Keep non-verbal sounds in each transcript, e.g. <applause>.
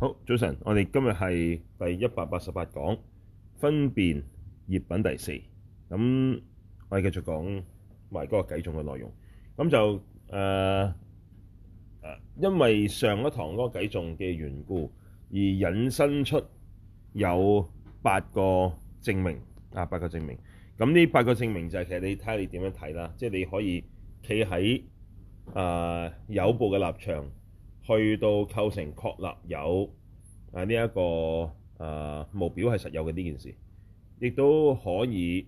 好，早晨，我哋今日係第一百八十八講分別業品第四，咁我哋繼續講埋嗰個偈頌嘅內容。咁就誒誒、呃，因為上一堂嗰個偈頌嘅緣故，而引申出有八個證明啊，八個證明。咁呢八個證明就係其實你睇下你點樣睇啦，即係你可以企喺誒有部嘅立場。去到構成確立有啊呢一個啊目標係實有嘅呢件事，亦都可以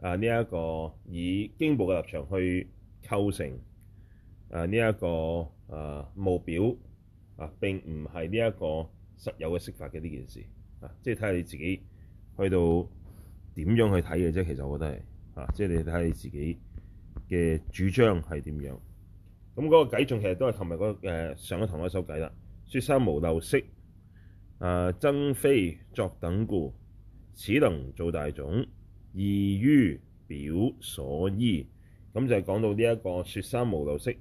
啊呢一個以經部嘅立場去構成啊呢一個啊目標啊並唔係呢一個實有嘅色法嘅呢件事啊，即係睇下你自己去到點樣去睇嘅啫。其實我覺得係啊，即係你睇下你自己嘅主張係點樣。咁、那、嗰個偈仲其實都係琴日嗰個上個堂嗰首偈啦。說三無漏色，誒增非作等故，此能做大種，異於表所依。咁就係講到呢一個說三無漏色，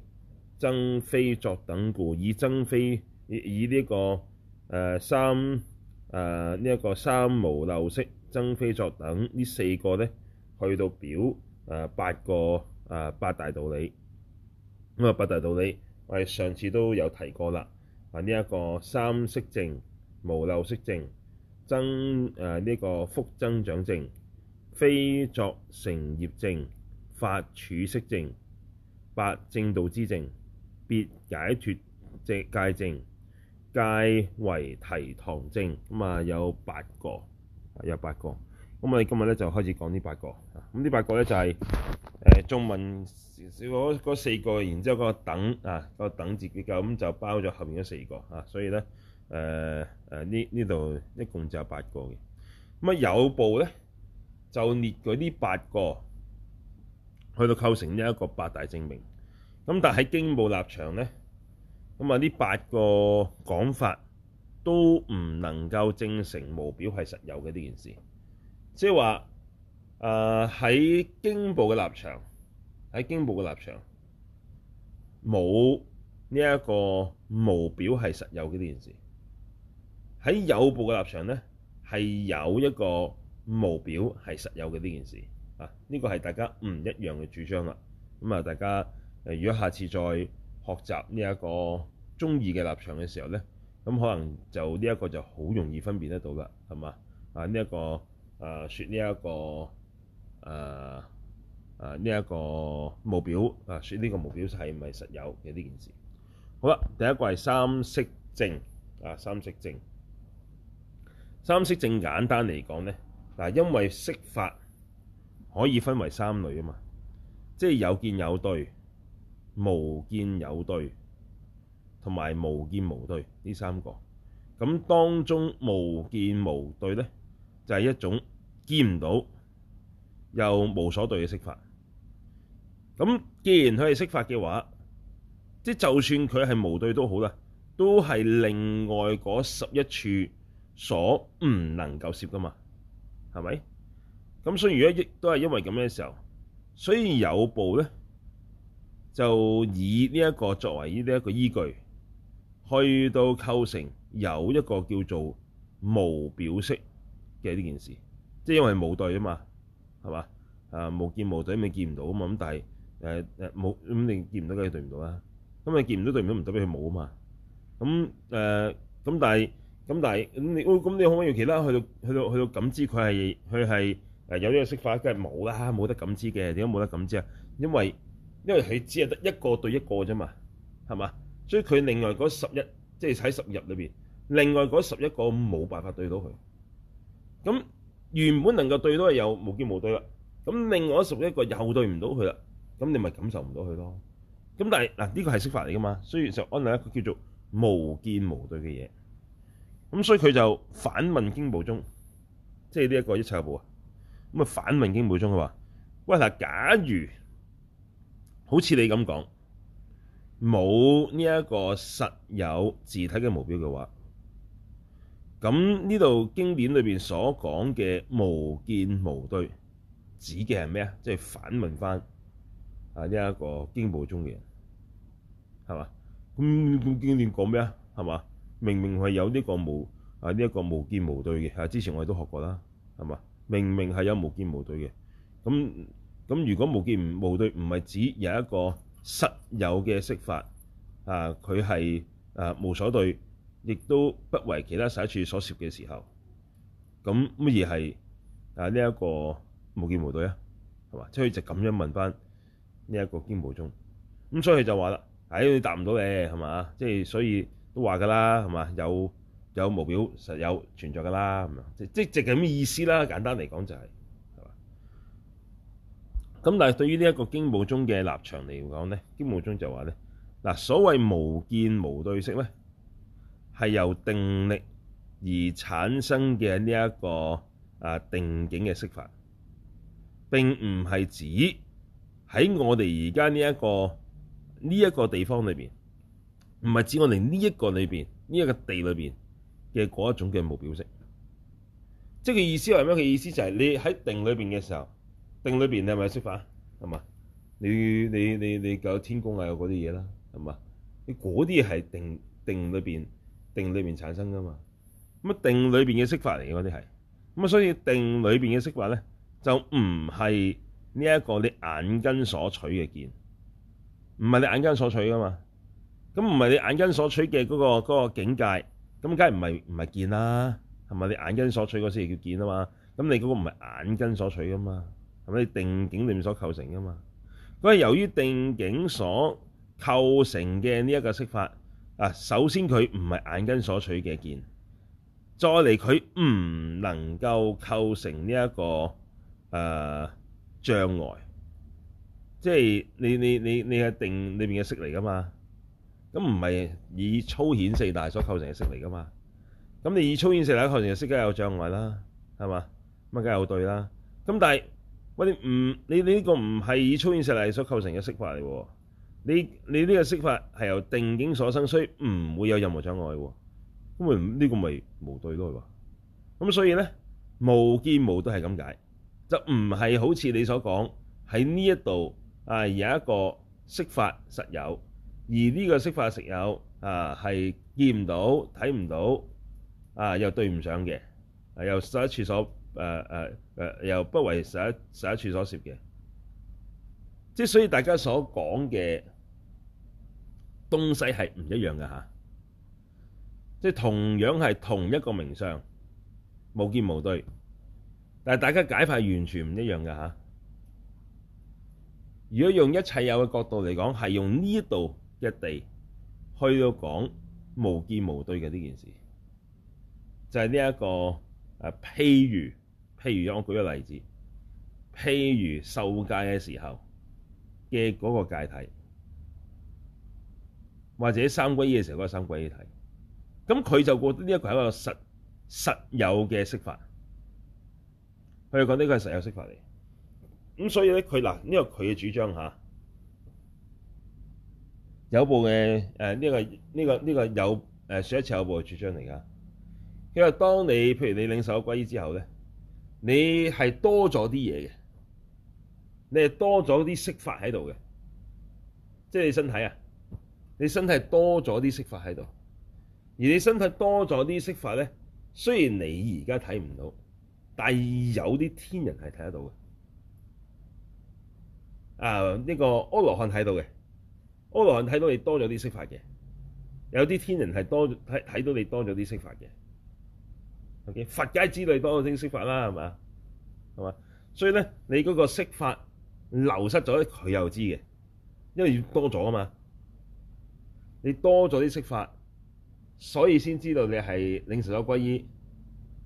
增非作等故，以增非以以、這、呢個誒、啊、三誒呢一個三無漏色，增非作等呢四個咧，去到表誒、啊、八個誒、啊、八大道理。咁啊，八大道理，我哋上次都有提過啦。啊，呢一個三色證、無漏色證、增誒呢個福增長證、非作成業證、法處色證、八正道支證、別解脫戒證、戒為堤塘證。咁啊，有八個，有八個。咁我哋今日咧就開始講呢八個。咁呢八個咧就係、是。誒頌文少嗰四個，然之後嗰個等啊，嗰、嗰個、等字結構，咁就包咗後面嗰四個嚇、啊，所以咧誒誒呢呢度一共就有八個嘅。咁啊有部咧就列舉呢八個，去到構成呢一個八大證明。咁但喺經部立場咧，咁啊呢八個講法都唔能夠證成無表係實有嘅呢件事，即係話。誒喺經部嘅立場，喺經部嘅立場冇呢一個無表係實有嘅呢件事。喺有部嘅立場咧，係有一個無表係實有嘅呢件事。啊，呢個係大家唔一樣嘅主張啦。咁啊，大家誒如果下次再學習呢一個中意嘅立場嘅時候咧，咁可能就呢一個就好容易分辨得到啦，係嘛？啊呢一個誒説呢一個。啊誒誒呢一個目標啊，呢、這個目標係咪實有嘅呢件事？好啦，第一個係三色證啊，三色證。三色證簡單嚟講咧，嗱、啊，因為色法可以分為三類啊嘛，即係有見有對、無見有對，同埋無見無對呢三個。咁、啊、當中無見無對咧，就係、是、一種見唔到。又無所對嘅色法。咁，既然佢係色法嘅話，即係就算佢係無對都好啦，都係另外嗰十一處所唔能夠攝㗎嘛，係咪？咁所以如果亦都係因為咁嘅時候，所以有部咧就以呢一個作為呢一個依據，去到構成有一個叫做無表色嘅呢件事，即係因為無對啊嘛。係嘛？啊，無見無、呃、對，咪見唔到啊嘛！咁但係誒誒冇咁，你見唔到嘅嘢對唔到啦。咁你見唔到對唔到，唔對比佢冇啊嘛。咁誒咁，但係咁，但係咁，你可唔可以其他去到去到去到感知佢係佢係誒有呢個色法，梗係冇啦，冇得感知嘅。點解冇得感知啊？因為因為佢只係得一個對一個啫嘛，係嘛？所以佢另外嗰十一，即係喺十日裏邊，另外嗰十一個冇辦法對到佢。咁原本能夠對到係有無見無對啦，咁另外十一個又對唔到佢啦，咁你咪感受唔到佢咯。咁但係嗱呢個係色法嚟噶嘛，所以就安例一個叫做無見無對嘅嘢。咁所以佢就反問經部宗，即係呢一個一切有部啊。咁啊反問經部宗，佢話：喂，嗱，啊，假如好似你咁講，冇呢一個實有自體嘅無表嘅話。咁呢度經典裏面所講嘅無見無對指，指嘅係咩啊？即係反問翻啊一個經部中嘅人，係嘛？咁、嗯、經典講咩啊？係嘛？明明係有呢個無啊呢一個無見無對嘅，啊之前我哋都學過啦，係嘛？明明係有無見無對嘅，咁咁如果無見無對唔係指有一個實有嘅色法啊，佢係、啊、無所對。亦都不為其他十一處所攝嘅時候，咁乜嘢係啊呢一、這個無見無對啊，係嘛？即係就咁、是、樣問翻呢一個經部中，咁所以佢就話啦，唉、哎，答唔到你係嘛？即係、就是、所以都話㗎啦，係嘛？有有無表實有存在㗎啦，咁啊，即係即係咁嘅意思啦。簡單嚟講就係、是，係嘛？咁但係對於呢一個經部中嘅立場嚟講咧，經部中就話咧，嗱、啊、所謂無見無對色咧。係由定力而產生嘅呢一個啊定境嘅色法，並唔係指喺我哋而家呢一個呢一個地方裏邊，唔係指我哋呢一個裏邊呢一個地裏邊嘅嗰一種嘅目標式。即係意思係咩？個意思就係你喺定裏邊嘅時候，定裏邊你係咪色法？係嘛？你你你你搞天工啊嗰啲嘢啦，係嘛？你嗰啲係定定裏邊。定裏邊產生噶嘛？咁啊，定裏邊嘅色法嚟嘅嗰啲係，咁啊，所以定裏邊嘅色法咧，就唔係呢一個你眼根所取嘅見，唔係你眼根所取噶嘛？咁唔係你眼根所取嘅嗰個嗰個境界，咁梗係唔係唔係見啦？係咪你眼根所取嗰先叫見啊嘛？咁你嗰個唔係眼根所取噶嘛？係咪你定境裏面所構成噶嘛？因為由於定境所構成嘅呢一個色法。啊，首先佢唔係眼根所取嘅境，再嚟佢唔能夠構成呢、這、一個誒、呃、障礙，即係你你你你係定裏面嘅色嚟噶嘛？咁唔係以粗顯四大所構成嘅色嚟噶嘛？咁你以粗顯四大構成嘅色梗係有障礙啦，係嘛？咁梗係有對啦。咁但係喂，唔你你呢個唔係以粗顯四大所構成嘅色法嚟喎。你你呢個色法係由定境所生，所以唔會有任何障礙喎。咁啊呢個咪無對咯？咁所以咧無見無都係咁解，就唔係好似你所講喺呢一度啊有一個色法實有，而呢個色法實有啊係見唔到、睇唔到啊又對唔上嘅，啊，又十一處所誒誒誒又不為十一十一處所攝嘅。即所以大家所講嘅。東西係唔一樣嘅吓，即係同樣係同一個名相，無見無對，但係大家解法完全唔一樣嘅吓。如果用一切有嘅角度嚟講，係用呢度一地去到講無見無對嘅呢件事，就係呢一個誒、啊，譬如譬如我舉個例子，譬如受戒嘅時候嘅嗰個戒體。或者三歸依嘅時候，嗰個三歸依睇，咁佢就覺得呢一個係一個實實有嘅釋法，佢哋講呢個係實有釋法嚟。咁所以咧，佢嗱呢個佢嘅主張吓，有部嘅誒呢個呢、這個呢、這個有誒、呃、說一次有部嘅主張嚟噶。因為當你譬如你領受歸依之後咧，你係多咗啲嘢嘅，你係多咗啲釋法喺度嘅，即係你身體啊。你身體多咗啲色法喺度，而你身體多咗啲色法咧，雖然你而家睇唔到，但係有啲天人係睇得到嘅。啊，呢、呢個阿羅漢睇到嘅，阿羅漢睇到你多咗啲色法嘅，有啲天人係多睇睇到你多咗啲色法嘅。OK，佛家之類多咗啲色法啦，係嘛？係嘛？所以咧，你嗰個色法流失咗佢又知嘅，因為要多咗啊嘛。你多咗啲色法，所以先知道你係領受咗歸依，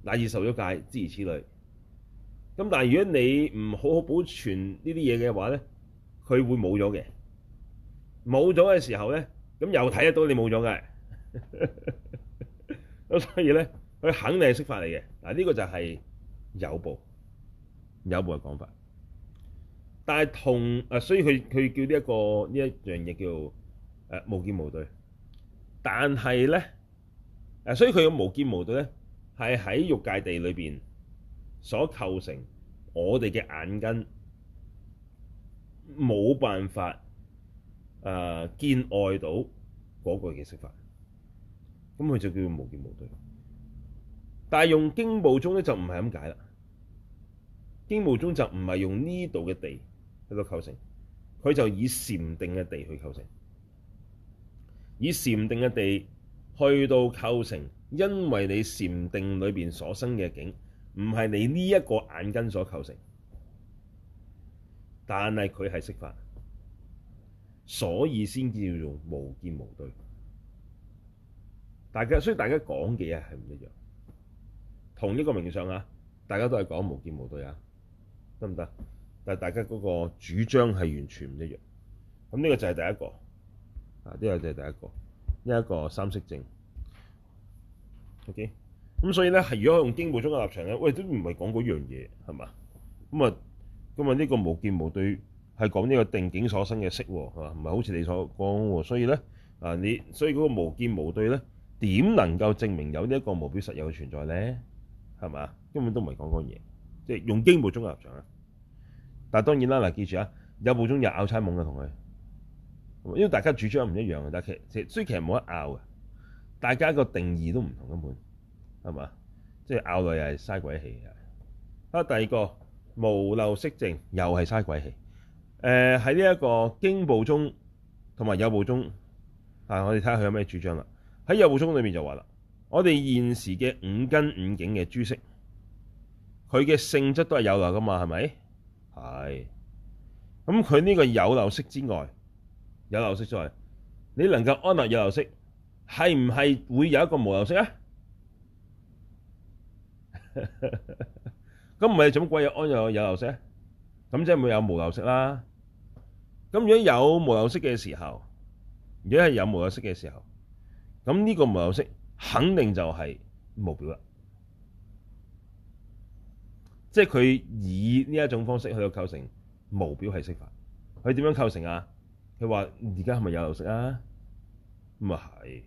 乃至受咗戒，諸如此類。咁但如果你唔好好保存呢啲嘢嘅話咧，佢會冇咗嘅。冇咗嘅時候咧，咁又睇得到你冇咗嘅。咁 <laughs> 所以咧，佢肯定係色法嚟嘅。嗱、這、呢個就係有部，有部嘅講法。但係同所以佢佢叫呢、這、一個呢一樣嘢叫。誒無見無對，但係咧誒，所以佢嘅無見無對咧，係喺欲界地裏邊所構成。我哋嘅眼根冇辦法誒、呃、見外到嗰個嘅色法，咁佢就叫做無見無對。但係用經部中咧就唔係咁解啦，經部中就唔係用呢度嘅地喺度構成，佢就以禪定嘅地去構成。以禪定嘅地去到構成，因為你禪定裏邊所生嘅境，唔係你呢一個眼根所構成，但係佢係色法，所以先至要用無見無對。大家所以大家講嘅嘢係唔一樣，同一個名相啊，大家都係講無見無對啊，得唔得？但係大家嗰個主張係完全唔一樣。咁呢個就係第一個。啊！呢個就係第一個，呢一個三色證。OK，咁所以咧，係如果用經部中嘅立場咧，喂，都唔係講嗰樣嘢，係嘛？咁啊，咁啊，呢個無見無對係講呢個定境所生嘅色喎，係嘛？唔係好似你所講喎。所以咧，啊你所以嗰個無見無對咧，點能夠證明有呢一個無表實有嘅存在咧？係嘛？根本都唔係講嗰樣嘢，即係用經部中嘅立場啊。但係當然啦，嗱記住啊，有部中有拗差懵嘅同佢。因為大家主張唔一樣啊，但係其實其雖然其實冇得拗嘅，大家個定義都唔同根本，係嘛？即係拗來又係嘥鬼氣啊！啊，第二個無漏色證又係嘥鬼氣。誒、呃，喺呢一個經部中同埋有部中，啊，我哋睇下佢有咩主張啦。喺有部中裏面就話啦，我哋現時嘅五根五境嘅諸色，佢嘅性質都係有漏㗎嘛，係咪？係。咁佢呢個有漏色之外，有漏色在，你能夠安立有漏色，係唔係會有一個無漏色啊？咁唔係總歸有安有有漏色？咁即係冇有無漏色啦。咁如果有無漏色嘅時候，如果係有無漏色嘅時候，咁呢個無漏色肯定就係無表啦。即係佢以呢一種方式去到構成無表係色法，佢點樣構成啊？佢話：而家係咪有漏色啊？咁啊係。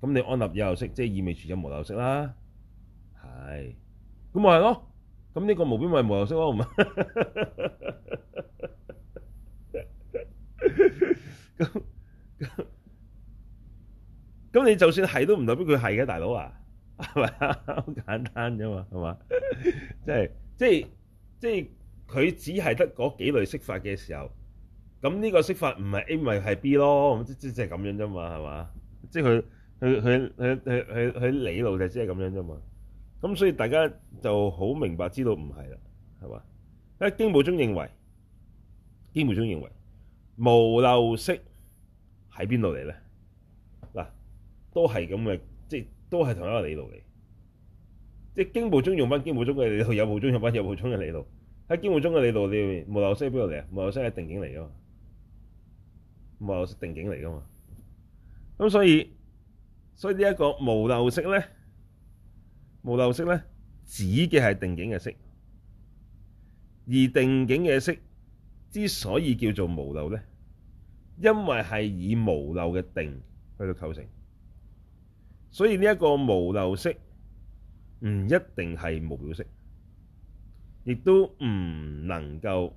咁你安立有漏色，即係意味住有無漏色啦。係。咁咪係咯。咁呢個無表咪無漏色咯？唔係。咁 <laughs> 咁。咁你就算係都唔代表佢係嘅，大佬啊，係咪啊？好簡單啫嘛，係嘛？即係即係即係佢只係得嗰幾類色法嘅時候。咁呢個識法唔係 A，咪係 B 咯？咁即即即係咁樣啫嘛，係嘛？即係佢佢佢佢佢佢理路就即係咁樣啫嘛。咁所以大家就好明白，知道唔係啦，係嘛？喺經部中認為，經部中認為無漏色喺邊度嚟咧？嗱，都係咁嘅，即係都係同一個理路嚟。即係經部中用翻經部中嘅理路，有部中用翻有部中嘅理路。喺經部中嘅理路，你無漏色喺邊度嚟啊？無漏色係定境嚟㗎嘛？冇定境嚟㗎嘛？咁所以，所以呢一個無漏色咧，無漏色咧指嘅係定境嘅色，而定境嘅色之所以叫做無漏咧，因為係以無漏嘅定去到構成，所以呢一個無漏色，色，唔一定係無表色，亦都唔能夠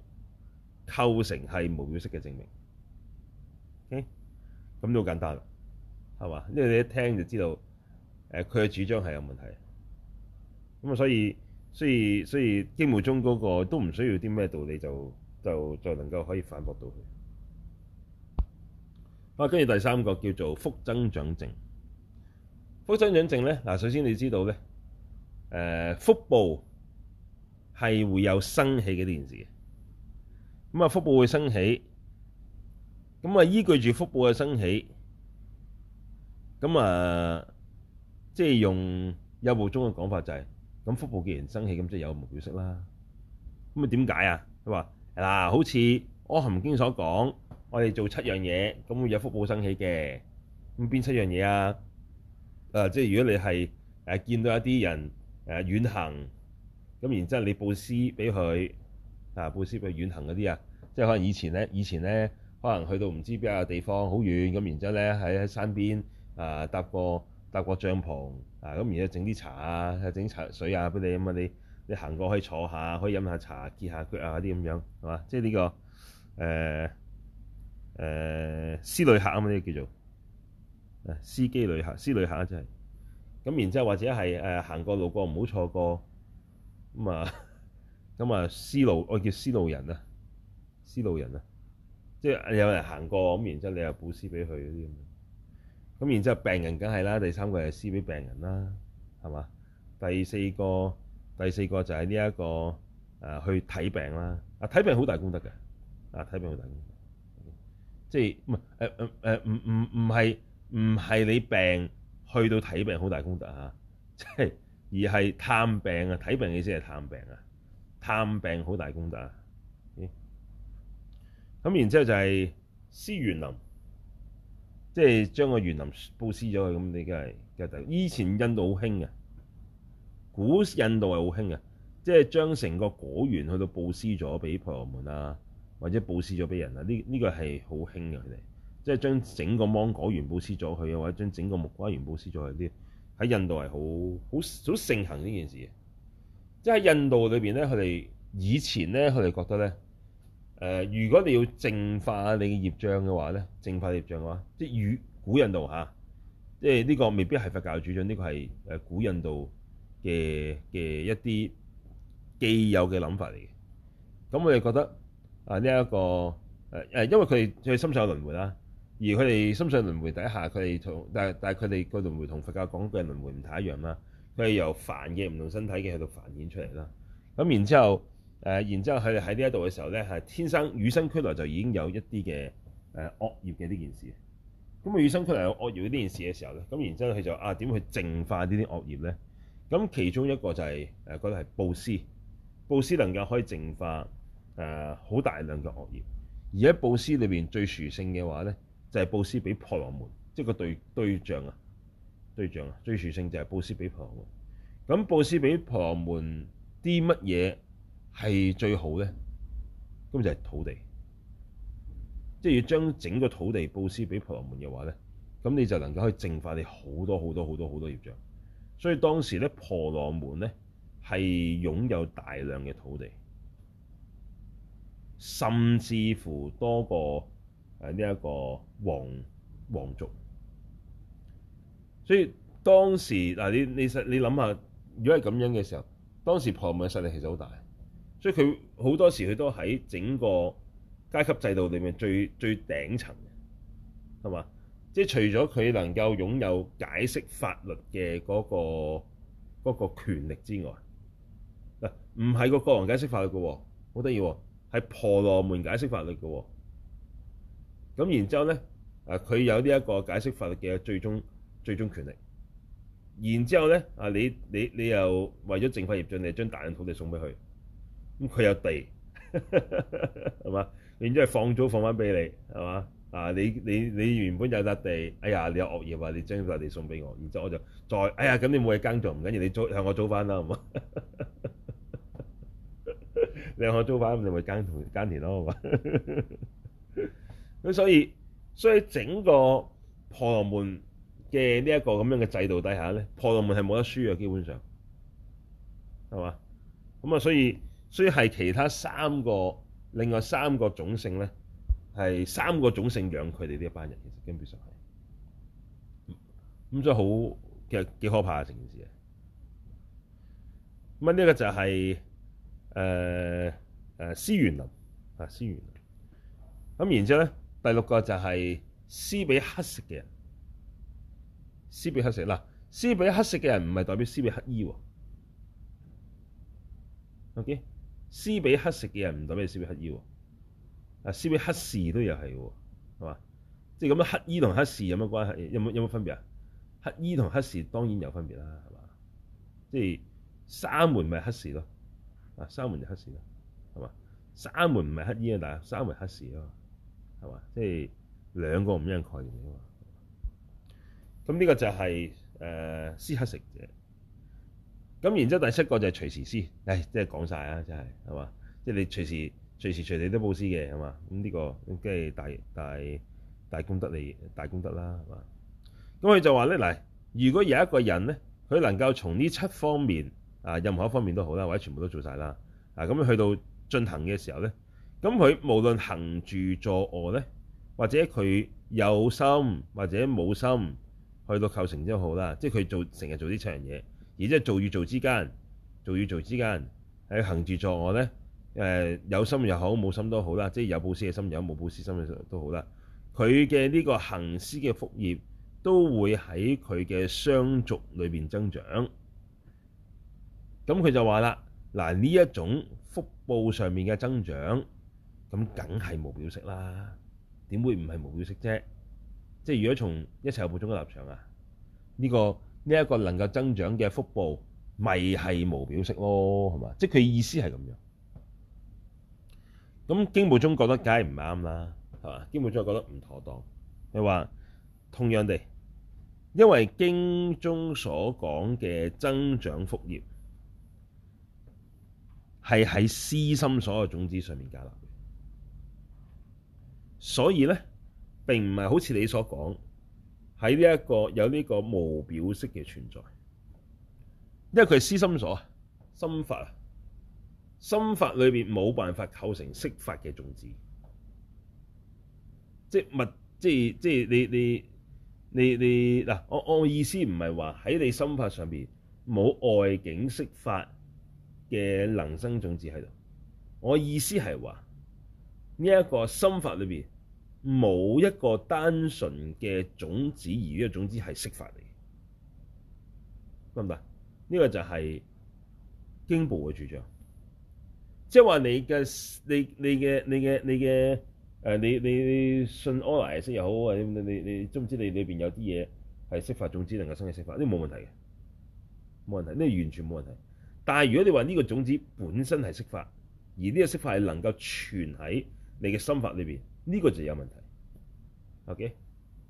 構成係無表色嘅證明。OK，咁都好簡單啦，係嘛？因為你一聽就知道，誒佢嘅主張係有問題。咁啊，所以所以所以經部中嗰個都唔需要啲咩道理，就就就能夠可以反駁到佢。啊，跟住第三個叫做福增長證。福增長證咧，嗱，首先你知道咧，誒福報係會有生起嘅呢件事嘅。咁啊，福報會生起。咁、呃就是、啊，依據住福報嘅升起的，咁啊，啊，即係用有部中嘅講法就係咁，福報既然升起，咁即係有無表色啦。咁啊，點解啊？佢話嗱，好似《阿含經》所講，我哋做七樣嘢，咁會有福報升起嘅。咁邊七樣嘢啊？誒，即係如果你係誒、啊、見到一啲人誒遠、啊、行，咁然之後你布施俾佢啊，佈施俾遠行嗰啲啊，即係可能以前咧，以前咧。可能去到唔知邊啊地方，好遠咁，然之後咧喺喺山邊啊搭個搭個帳篷啊，咁然之後整啲茶啊，整茶水啊俾你咁啊，你你行過可以坐下，可以飲下茶，歇下腳啊啲咁樣係嘛？即係呢個誒誒施旅客啊嘛，呢個叫做誒施羈旅客、施旅客啊，即係咁，然之後或者係誒行過路過唔好錯過咁啊咁啊施路，我叫施路人啊，施路人啊。即係有人行過咁，然之後你又佈施俾佢啲咁咁，然之後病人梗係啦，第三個係施俾病人啦，係嘛？第四個第四個就係呢一個誒去睇病啦，啊睇病好大功德嘅，啊睇病好大功德，即係唔係誒誒誒唔唔唔係唔係你病去到睇病好大功德啊，即係而係探病啊，睇病意思係探病啊，探病好大功德啊。咁然之後就係施園林，即係將個園林布施咗佢，咁你梗係梗係以前印度好興嘅，古印度係好興嘅，即係將成個果園去到布施咗俾婆羅門啊，或者布施咗俾人啊，呢呢個係好興嘅佢哋，即係將整個芒果園布施咗佢啊，或者將整個木瓜園布施咗佢啲，喺印度係好好好盛行呢件事嘅。即係喺印度裏面咧，佢哋以前咧，佢哋覺得咧。誒、呃，如果你要淨化你嘅業障嘅話咧，淨化業障嘅話，即係與古印度嚇，即係呢個未必係佛教主張，呢、這個係誒古印度嘅嘅一啲既有嘅諗法嚟嘅。咁我哋覺得啊，呢、這、一個誒誒、啊，因為佢哋佢深信輪迴啦，而佢哋深信輪迴底下，佢哋同但但係佢哋個輪迴同佛教講嘅輪迴唔太一樣啦。佢係由凡嘅唔同身體嘅喺度繁衍出嚟啦。咁然之後。誒，然之後佢哋喺呢一度嘅時候咧，係天生與生俱來就已經有一啲嘅誒惡業嘅呢件事。咁啊，與生俱來有惡業呢件事嘅時候咧，咁然之後佢就啊點去淨化這些惡呢啲惡業咧？咁其中一個就係誒嗰個係佈施，布施能夠可以淨化誒好、呃、大量嘅惡業。而喺布施裏面最殊勝嘅話咧，就係、是、布施俾婆羅門，即、就、係、是、個對對象啊對象啊最殊勝就係布施俾婆羅門。咁布施俾婆羅門啲乜嘢？係最好咧，咁就係土地，即係要將整個土地布施俾婆羅門嘅話咧，咁你就能夠可以淨化你好多好多好多好多，多業障。所以當時咧，婆羅門咧係擁有大量嘅土地，甚至乎多過呢一個王王族。所以當時嗱，你你你諗下，如果係咁樣嘅時候，當時婆羅門嘅勢力其實好大。所以佢好多時佢都喺整個階級制度裡面最最頂層嘅，係嘛？即係除咗佢能夠擁有解釋法律嘅嗰個嗰個權力之外，嗱唔係個國王解釋法律嘅喎，好得意喎，係婆羅門解釋法律嘅喎。咁然之後咧，啊佢有呢一個解釋法律嘅最終最終權力。然之後咧，啊你你你又為咗淨化業障，你將大量土地送俾佢。咁佢有地，係 <laughs> 嘛？然之後放租放翻俾你，係嘛？啊，你你你原本有笪地，哎呀，你有惡業啊，你將笪地送俾我，然之後我就再，哎呀，咁你冇嘢耕做，唔緊要，你租向我租翻啦，係嘛？你向我租翻， <laughs> 你咪耕田耕田咯，係嘛？咁 <laughs> 所以所以整個婆羅門嘅呢一個咁樣嘅制度底下咧，婆羅門係冇得輸嘅，基本上係嘛？咁啊，所以。所以係其他三個，另外三個種姓咧，係三個種姓養佢哋呢一班人，基是很其實根本上係，咁所以好其實幾可怕的、就是呃、啊！成件事啊，咁啊呢一個就係誒誒施園林啊，施園林，咁然之後咧，第六個就係施比乞食嘅人，施比乞食嗱，施俾乞食嘅人唔係代表施比乞衣喎，OK。施俾乞食嘅人唔代表施俾乞衣喎，啊，施俾乞士都又係喎，係嘛？即係咁樣乞衣同乞士有乜關係？有冇有冇分別啊？乞衣同乞士當然有分別啦，係嘛？即係沙門咪乞士咯，啊，沙門就乞士咯，係嘛？沙門唔係乞衣啊，但係沙門乞士啊嘛，係嘛？即係兩個唔一樣概念啫嘛。咁呢個就係、是、誒、呃、施乞食者。咁然之後第七個就係隨時施，唉、哎，即係講晒啊，真係係嘛，即係你隨時隨時隨地都佈施嘅係嘛，咁、這、呢個即係大大大功德嚟，大功德啦係嘛。咁佢就話咧嗱，如果有一個人咧，佢能夠從呢七方面啊任何一方面都好啦，或者全部都做晒啦，啊咁去到進行嘅時候咧，咁佢無論行住坐臥咧，或者佢有心或者冇心去到構成都好啦，即係佢做成日做呢七樣嘢。而即係做與做之間，做與做之間喺行住坐臥咧，誒，有心又好，冇心都好啦，即係有報施嘅心，有冇報施心嘅都好啦。佢嘅呢個行施嘅福業都會喺佢嘅相續裏面增長。咁佢就話啦：嗱，呢一種福報上面嘅增長，咁梗係無表色啦。點會唔係無表色啫？即係如果從一切有部宗嘅立場啊，呢個。呢、這、一個能夠增長嘅福報，咪、就、係、是、無表色咯，係嘛？即佢意思係咁樣。咁經部中覺得梗係唔啱啦，係嘛？經部中覺得唔妥當。佢話同樣地，因為經中所講嘅增長福業，係喺思心所有種子上面假立，所以咧並唔係好似你所講。喺呢一個有呢個無表色嘅存在，因為佢係思心所心法啊，心法裏邊冇辦法構成色法嘅種子，即係物，即係即係你你你你嗱，我我意思唔係話喺你心法上邊冇外境色法嘅能生種子喺度，我意思係話呢一個心法裏邊。冇一個單純嘅種子，而呢個種子係色法嚟嘅，明唔明？呢、這個就係經部嘅主張，即係話你嘅你你嘅你嘅你嘅誒，你你，的你，的你，的你，你，你，你信阿賴耶識又好啊，你你你知唔知？你裏邊有啲嘢係色法種子，能夠生起色法，呢冇問題嘅，冇問題，呢個完全冇問題。但係如果你話呢個種子本身係色法，而呢個色法係能夠存喺你嘅心法裏邊。呢個就有問題。OK，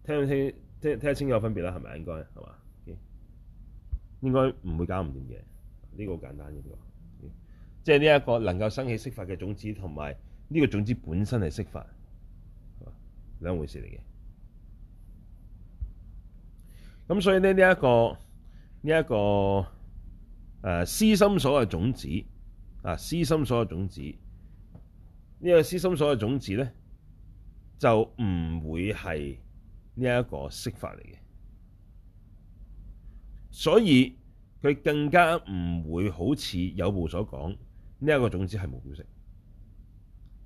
聽聽聽聽得清楚分別啦，係咪應該係嘛？OK，應該唔會搞唔掂嘅。呢個好簡單嘅啫，即係呢一個能夠生起色法嘅種子，同埋呢個種子本身係色法，兩回事嚟嘅。咁所以呢，呢一個呢一個誒、呃，思心所嘅種子啊，思心所嘅種子呢個思心所嘅種子咧，就唔會係呢一個色法嚟嘅，所以佢更加唔會好似有部所講呢一個種子係無表色。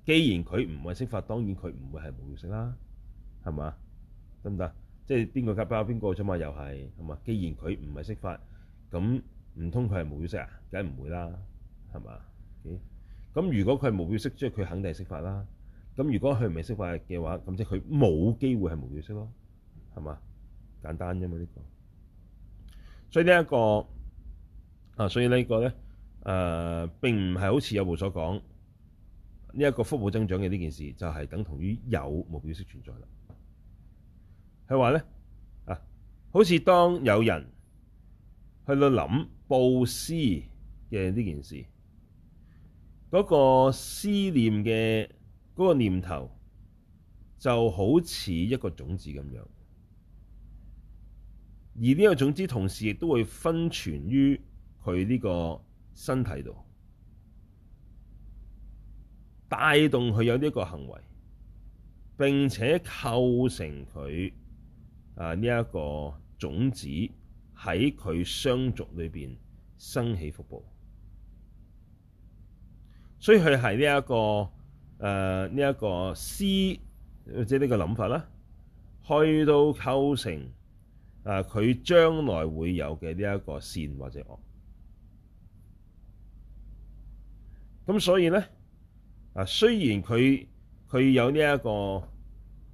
既然佢唔係色法，當然佢唔會係無表色啦，係嘛？得唔得？即係邊個夾包邊個啫嘛？又係係嘛？既然佢唔係色法，咁唔通佢係無表色啊？梗係唔會啦，係嘛？咁如果佢係無表色，即係佢肯定係色法啦。咁如果佢唔係釋法嘅話，咁即係佢冇機會係無表色咯，係嘛？簡單啫嘛，呢、這個這個。所以呢一個啊，所以呢一個咧誒，並唔係好似有部所講呢一個福報增長嘅呢件事，就係、是、等同於有無表色存在啦。佢話咧啊，好似當有人去到諗布施嘅呢件事，嗰、那個思念嘅。嗰、那個念頭就好似一個種子咁樣，而呢個種子同時亦都會熏存於佢呢個身體度，帶動佢有呢個行為，並且構成佢啊呢一個種子喺佢相續裏面生起福報，所以佢係呢一個。誒呢一個思，即係呢個諗法啦，去到構成誒佢將來會有嘅呢一個善或者惡。咁所以咧，啊雖然佢佢有呢、這、一個誒、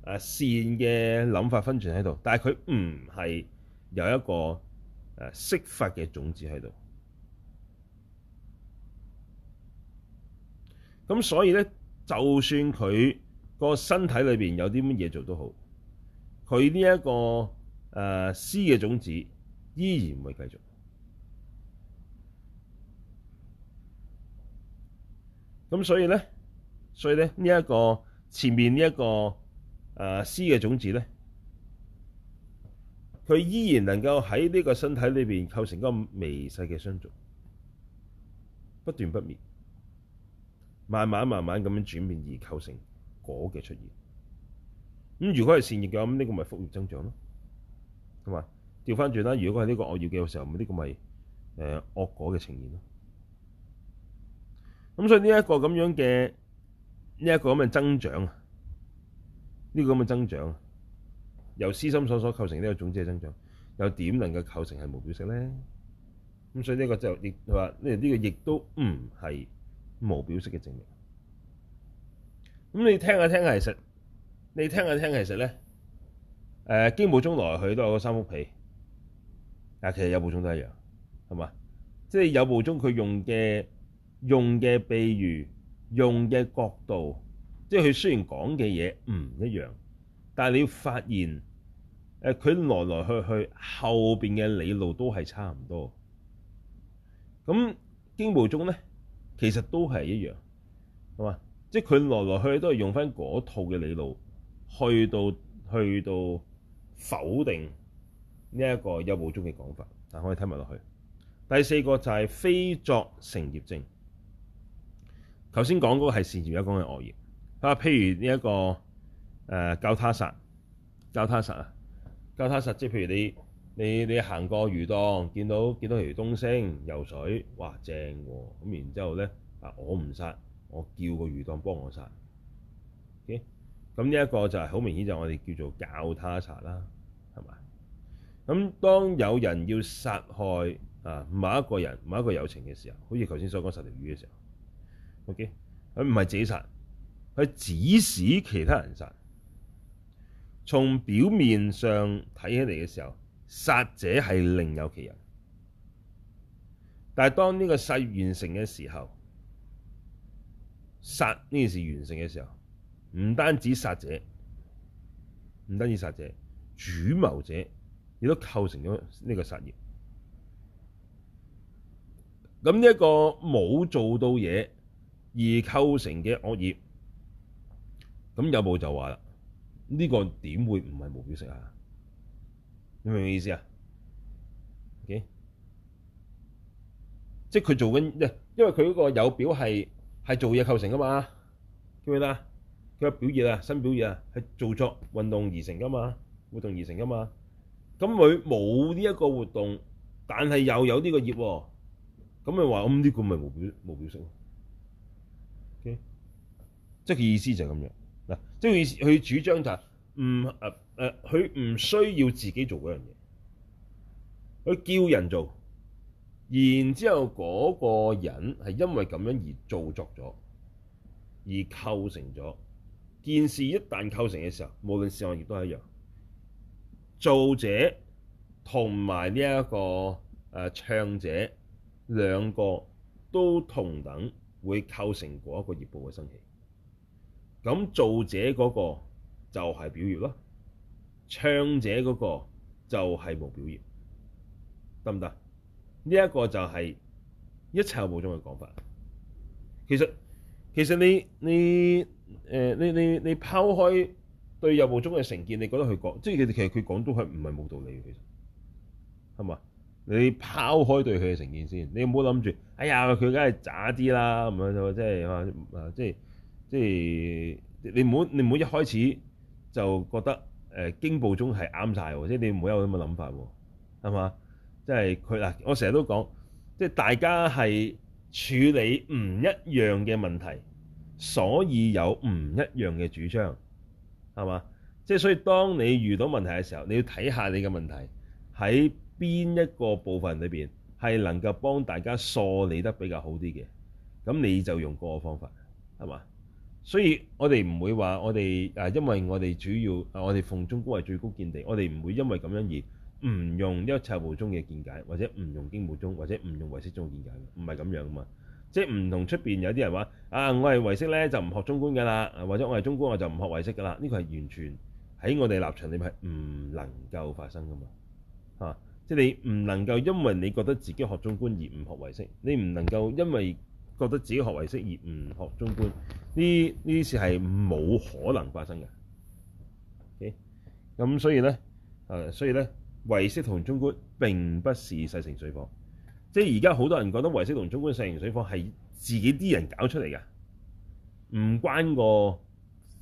啊、善嘅諗法熏存喺度，但係佢唔係有一個誒色、啊、法嘅種子喺度。咁所以咧。就算佢個身體裏邊有啲乜嘢做都好，佢呢一個誒思嘅種子依然會繼續。咁所以咧，所以咧呢一個前面呢、這、一個誒思嘅種子咧，佢依然能夠喺呢個身體裏邊構成個微細嘅相續，不斷不滅。慢慢慢慢咁樣轉變而構成果嘅出現。咁如果係善業嘅，咁、這、呢個咪福業增長咯。同埋調翻轉啦，如果係呢個惡業嘅時候，咁、這、呢個咪、就、誒、是呃、惡果嘅呈現咯。咁所以呢一個咁樣嘅，呢、這、一個咁嘅增長啊，呢、這個咁嘅增長啊，由思心所所構成呢個種子嘅增長，又點能夠構成係無表色咧？咁所以呢個就亦話呢啲嘅亦都唔係。無表示嘅證明。咁你聽下聽，其實你聽下聽呢，其實咧，誒經部中來去都有三幅皮，但係其實有部中都一樣，係嘛？即係有部中佢用嘅用嘅譬如用嘅角度，即係佢雖然講嘅嘢唔一樣，但係你要發現，佢、呃、來來去去後面嘅理路都係差唔多。咁經部中咧？其實都係一樣，係嘛？即係佢來來去都係用翻嗰套嘅理路，去到去到否定呢一個有冇中嘅講法。但可以聽埋落去。第四個就係非作成業證。頭先講嗰個係善業，而家講嘅惡業。啊，譬如呢、這、一個誒教他殺，教他殺啊，教他殺，即係譬如你。你你行過魚檔，見到見到條東星游水，哇正喎，啊！咁然之後咧，啊我唔殺，我叫個魚檔幫我殺。O K，咁呢一個就係，是，好明顯，就係我哋叫做教他殺啦，係咪？咁當有人要殺害啊某一個人，某一個友情嘅時候，好似頭先所講殺條魚嘅時候，O K，佢唔係自己殺，佢指使其他人殺。從表面上睇起嚟嘅時候。殺者係另有其人，但係當呢個殺完成嘅時候，殺呢件事完成嘅時候，唔單止殺者，唔單止殺者，主謀者亦都構成咗呢個殺業。咁呢一個冇做到嘢而構成嘅惡業，咁有部就話啦，呢、呢個點會唔係無表色啊？你明唔明意思啊？即係佢做緊，因為佢嗰個有表係係做嘢構成噶嘛，明唔明啊？佢個表業啊，新表業啊，係做作運動而成噶嘛，活動而成噶嘛。咁佢冇呢一個活動，但係又有呢個業，咁咪話咁呢個咪無表無表色。即係佢意思就係咁樣嗱，即係佢意思，佢主張就係唔誒。誒、呃，佢唔需要自己做嗰樣嘢，佢叫人做，然之後嗰個人係因為咁樣而做作咗，而構成咗件事。一旦構成嘅時候，無論善業亦都係一樣，做者同埋呢一個誒、呃、倡者兩個都同等會構成嗰一個業報嘅生起。咁做者嗰個就係表業啦。倡者嗰個就係無表現，得唔得？呢一個就係一切有無中嘅講法。其實其實你你誒呃你你你你拋開對有無中嘅成見，你覺得佢講，即係其實其實佢講都係唔係冇道理嘅，其實係嘛？你拋開對佢嘅成見先，你唔好諗住，哎呀，佢梗係渣啲啦，咁樣就，即係啊即係即係你唔好你唔好一開始就覺得。誒經部中係啱晒喎，即係你唔會有咁嘅諗法喎，係嘛？即係佢嗱，我成日都講，即係大家係處理唔一樣嘅問題，所以有唔一樣嘅主張，係嘛？即係所以當你遇到問題嘅時候，你要睇下你嘅問題喺邊一個部分裏邊係能夠幫大家梳理得比較好啲嘅，咁你就用嗰個方法，係嘛？所以我哋唔會話，我哋誒，因為我哋主要誒，我哋奉中觀為最高見地，我哋唔會因為咁樣而唔用一切有宗嘅見解，或者唔用經部宗，或者唔用唯識宗見解，唔係咁樣啊嘛。即係唔同出邊有啲人話啊，我係唯識咧就唔學中觀嘅啦，或者我係中觀我就唔學唯識嘅啦。呢個係完全喺我哋立場裏，你係唔能夠發生噶嘛嚇，啊。即係你唔能夠因為你覺得自己學中觀而唔學唯識，你唔能夠因為。覺得自己學唯識而唔學中觀，呢呢啲事係冇可能發生嘅。咁、okay? 所以咧，誒，所以咧，唯識同中觀並不是勢成水火。即係而家好多人覺得唯識同中觀勢成水火，係自己啲人搞出嚟嘅，唔關個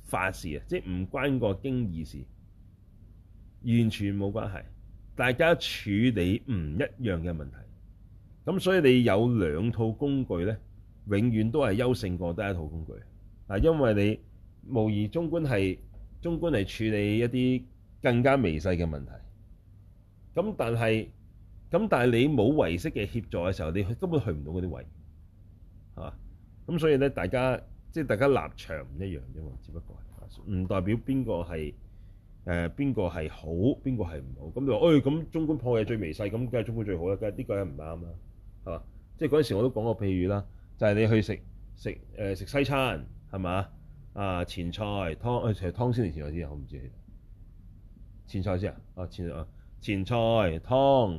法事啊，即係唔關個經義事，完全冇關係。大家處理唔一樣嘅問題，咁所以你有兩套工具咧。永遠都係優勝過得一套工具啊，因為你無疑中觀係中觀係處理一啲更加微細嘅問題。咁但係咁但係你冇唯識嘅協助嘅時候，你根本去唔到嗰啲位。咁所以咧，大家即係大家立場唔一樣啫嘛，只不過係唔代表邊個係誒邊個係好，邊個係唔好咁。話哎，咁中觀破嘢最微細，咁梗係中觀最好啦。梗係呢個係唔啱啦，係嘛？即係嗰陣時我都講過譬如啦。就係、是、你去食食誒食西餐係嘛？啊前菜湯、啊、其實湯先定前菜先，我唔知前菜先啊，啊前啊前菜湯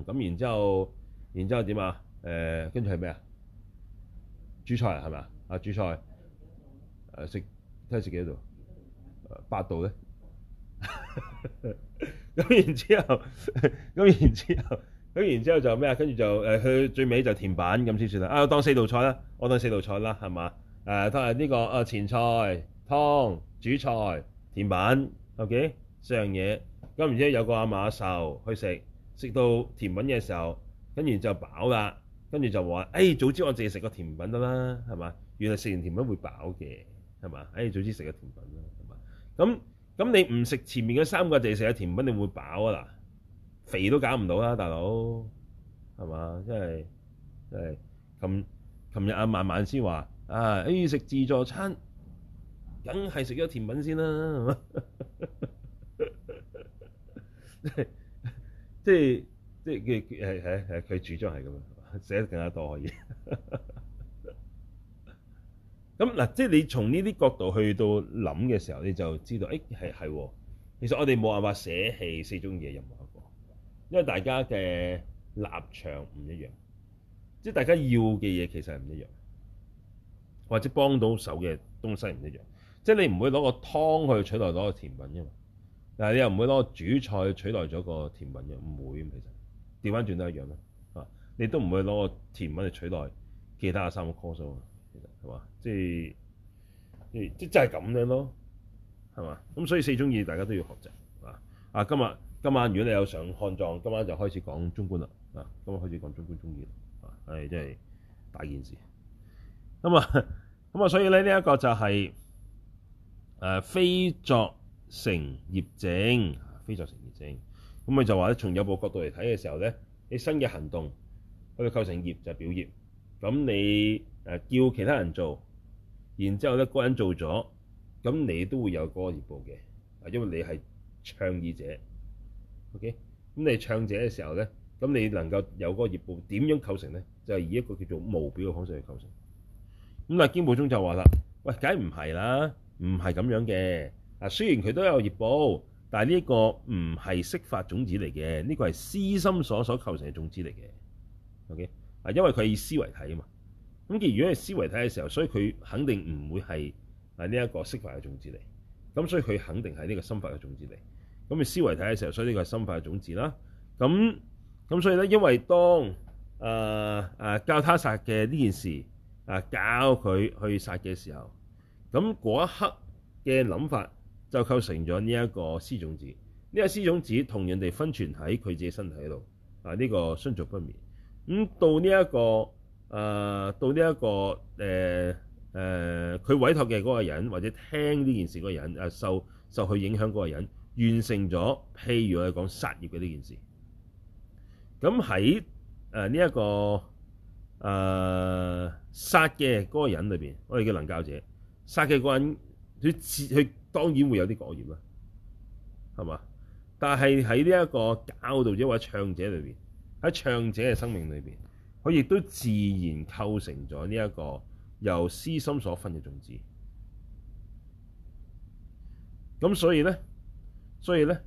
咁，然之後然之後點、呃、啊跟住係咩？啊主菜係咪？啊啊主菜誒食睇下食幾多度誒八度咧咁 <laughs> 然之後咁然之後。然後然後咁然之後就咩啊？跟住就誒，去、呃、最尾就甜品咁先算啦。啊，當四道菜啦，我當四道菜啦，係嘛？誒，當係呢個啊前菜、湯、主菜、甜品，ok 四樣嘢。咁然之後有個阿嫲受去食，食到甜品嘅時候，跟住就飽啦。跟住就話：哎，早知我淨係食個甜品得啦，係嘛？原來食完甜品會飽嘅，係嘛？哎，早知食個甜品啦，係嘛？咁咁你唔食前面嗰三個，淨係食個甜品，你會飽啊啦。肥都減唔到啦，大佬係嘛？即係即係。琴琴日阿曼曼先話：啊，誒食自助餐，梗係食咗甜品先啦，啊，係嘛？即係即係佢係係係佢主張係咁寫得更加多可以咁嗱。 <laughs> 即係你從呢啲角度去到諗嘅時候，你就知道誒係係。其實我哋冇辦法寫係四種嘢任何。因為大家嘅立場唔一樣，即係大家要嘅嘢其實係唔一樣，或者幫到手嘅東西唔一樣。即係你唔會攞個湯去取代攞個甜品㗎嘛，但係你又唔會攞個主菜取代咗個甜品嘅，唔會咁其實。調翻轉都一樣咯，係嘛？你都唔會攞個甜品去取代其他三個 course 啊其實係嘛？即係即即係咁樣的咯，係嘛？咁所以四種嘢大家都要學習，係嘛？啊今日。今晚如果你有想看狀，今晚就開始講中觀啦。啊，今晚開始講中觀中意啦。啊，係真係大件事。咁啊，咁啊，所以咧呢一、這個就係、是、誒、呃、非作成業證，非作成業證。咁佢就話咧，從有部角度嚟睇嘅時候咧，你新嘅行動佢哋構成業就係、是、表業。咁你誒叫其他人做，然之後咧個人做咗，咁你都會有個業報嘅啊，因為你係倡議者。OK，咁你唱者嘅時候咧，咁你能夠有嗰個業報點樣構成咧？就係、以一個叫做無表嘅方式去構成。咁啊，經部中就話啦，喂，梗唔係啦？唔係咁樣嘅。啊，雖然佢都有業報，但呢一個唔係色法種子嚟嘅，呢、呢個係思心所所構成嘅種子嚟嘅。OK，啊，因為佢以思為體啊嘛。咁既然如果係思為體嘅時候，所以佢肯定唔會係呢一個色法嘅種子嚟。咁所以佢肯定係呢個心法嘅種子嚟。咁你思維睇嘅時候，所以呢個係心法嘅種子啦。咁咁所以咧，因為當誒誒、呃啊、教他殺嘅呢件事啊，教佢去殺嘅時候，咁嗰一刻嘅諗法就構成咗呢一個思種子。呢個思種子同人哋熏存喺佢自己身體度啊。呢個相續不滅。咁到呢一個誒，到呢一個誒誒，佢委託嘅嗰個人或者聽呢件事嗰個人受受去影響嗰個人完成咗，譬如我哋講殺業嘅呢件事，咁喺誒呢一個誒、呃、殺嘅嗰個人裏面，我哋叫能教者殺嘅嗰人，佢佢當然會有啲惡業啦，係嘛？但係喺呢一個教導者或者倡者裏面，喺倡者嘅生命裏面，佢亦都自然構成咗呢一個由思心所分嘅種子。咁所以咧。所以咧，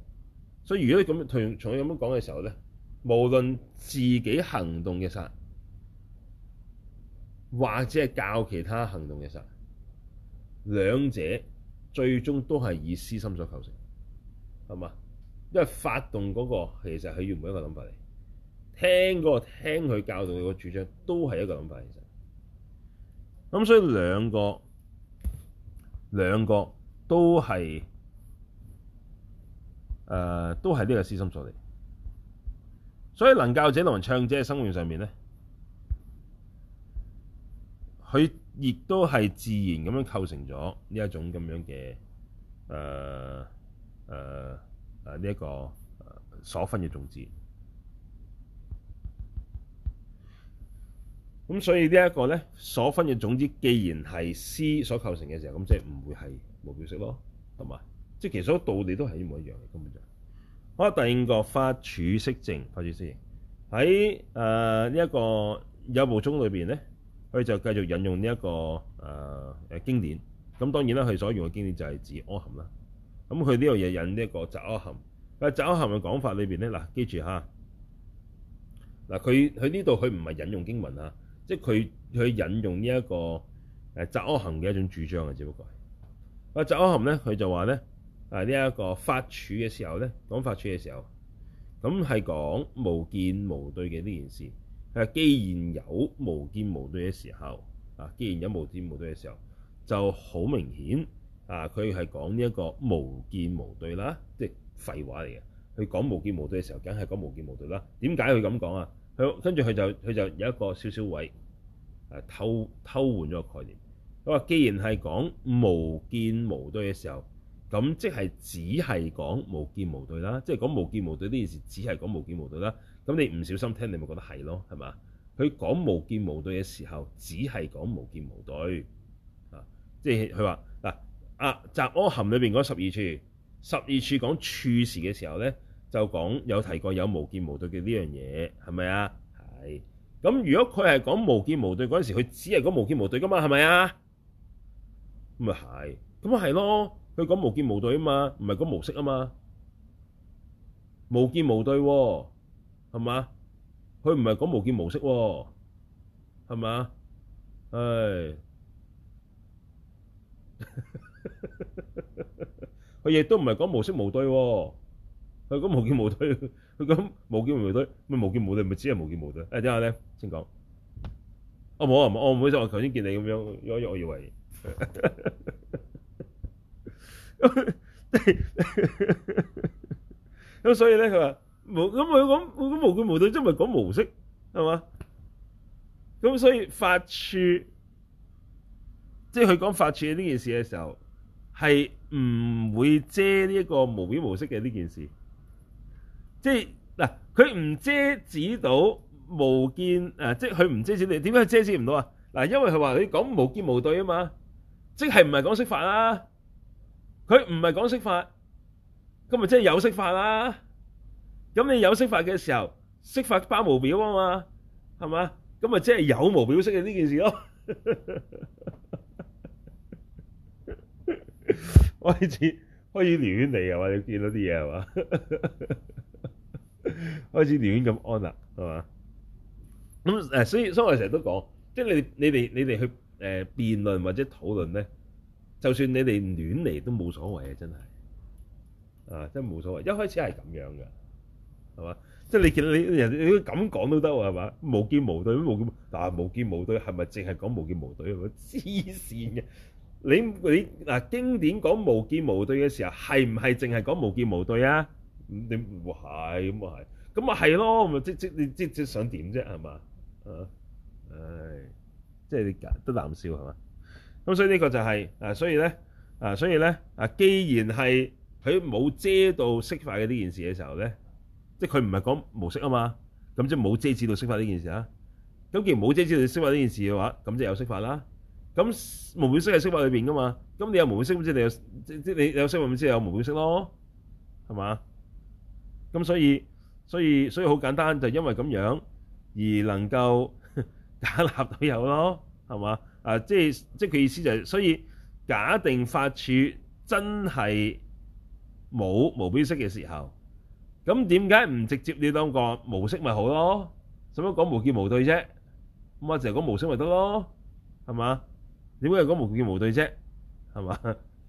所以如果咁從咁樣講嘅時候咧，無論自己行動嘅殺，或者係教其他行動嘅殺，兩者最終都係以思心所構成，係嘛？因為發動嗰、那個其實係原每一個諗法嚟，聽嗰、那個聽佢教導佢個主張都係一個諗法嚟。咁所以兩個兩個都係。誒、呃，都係呢個私心所嚟，所以能教者同倡者嘅生活上面咧，佢亦都係自然咁樣構成咗呢一種咁樣嘅誒誒誒呢一個所分嘅種子。咁所以呢一個咧，所分嘅種子既然係思所構成嘅時候，咁即係唔會係無表色咯，係嘛？即係其實個道理都係一模一樣嘅，根本就係、是、好。第五個法處息正法處息喺誒呢一個有部中裏邊咧，佢就繼續引用呢、這、一個誒誒、呃、經典。咁當然啦，佢所用嘅經典就係止柯含啦。咁佢呢度亦引呢一個集柯含。但係集安含嘅講法裏邊咧，嗱記住嚇嗱佢佢呢度佢唔係引用經文啊，即係佢佢引用呢一個誒集安含嘅一種主張啊，只不過係集安含咧，佢就話咧。啊！呢、這、一個法處嘅時候咧，講法處嘅時候，咁係講無見無對嘅呢件事。誒，既然有無見無對嘅時候，啊，既然有無見無對嘅時候，就好明顯啊！佢係講呢一個無見無對啦，即係廢話嚟嘅。佢講無見無對嘅時候，梗係講無見無對啦。點解佢咁講啊？佢跟住佢就佢就有一個少少位、啊、偷偷換咗個概念。佢話：既然係講無見無對嘅時候，咁即係只係講無見無對啦，即係講無見無對呢件事，只係講無見無對啦。咁你唔小心聽，你咪覺得係咯，係嘛？佢講無見無對嘅時候，只係講無見無對啊！即係佢話嗱，雜阿含裏邊嗰十二處，十二處講處事嘅時候咧，就講有提過有無見無對嘅呢樣嘢，係咪啊？係。咁如果佢係講無見無對嗰陣時，佢只係講無見無對㗎嘛，係咪啊？咁咪係，咁咪係咯。佢講無見無對啊嘛，唔係講無色啊嘛，無見無對喎、哦，係嘛？佢唔係講無見無色喎、哦，係嘛？唉！佢亦都唔係講無色無對喎，佢講無見無對，佢講 <laughs> 無，無、哦、無見無對，咪無見無對咪只係無見無對？誒，等下咧？先講，啊冇啊，我唔好意思，我頭先見你咁樣，我我以為。 <laughs> 咁 <laughs> 所以咧佢話冇，咁佢講咁無見無對，即係咪講無色係嘛？咁所以法處，即係佢講法處呢件事嘅時候，係唔會遮呢一個無表無色嘅呢件事。即係嗱，佢唔遮止到無見誒，即係佢唔遮止你，點解遮止唔到啊？嗱，因為佢話你講無見無對啊嘛，即係唔係講識法啊？佢唔係講色法，咁咪即係有色法啦。咁你有色法嘅時候，色法包無表啊嘛，係嘛？咁咪即係有無表色嘅呢件事咯。開始開始調侃你啊嘛！你見到啲嘢係嘛？開始調侃咁安啦係嘛？咁 <laughs> 誒，所以所以我成日都講，即係你哋你哋你哋去誒辯論或者討論咧。就算你哋亂嚟都冇所謂啊，真係啊，真係冇所謂。一開始係咁樣㗎，係嘛？ <laughs> 即係你見到你人，你咁講都得喎，係嘛？無見無對都冇，但係、啊、無見無對係咪淨係講無見無對咪？黐線嘅！你你嗱、啊，經典講無見無對嘅時候，係唔係淨係講無見無對啊？你唔係咁啊係？咁啊係咯，咪即即你即即想點啫？係嘛？誒，即係你都冷笑係嘛？咁所以呢個就係，啊所以咧，啊所以咧，啊既然係佢冇遮到色法嘅呢件事嘅時候咧，即係佢唔係講無色啊嘛，咁即係冇遮止到色法呢件事啊。咁既然冇遮止到色法呢件事嘅話，咁即係有色法啦。咁無表色係色法裏邊噶嘛，咁你有無表色咁即係你有即即、即係、你有色，咪即係有無表色咯，係嘛？咁所以所以所以好簡單，就因為咁樣而能夠打立到有咯，係嘛？啊，即係即係佢意思就係、是，所以假定法處真係冇無表色嘅時候，咁點解唔直接你當個無色咪好咯？使乜講無見無對啫？咁我係講無色咪得咯，係嘛？點解又講無見無對啫？係嘛？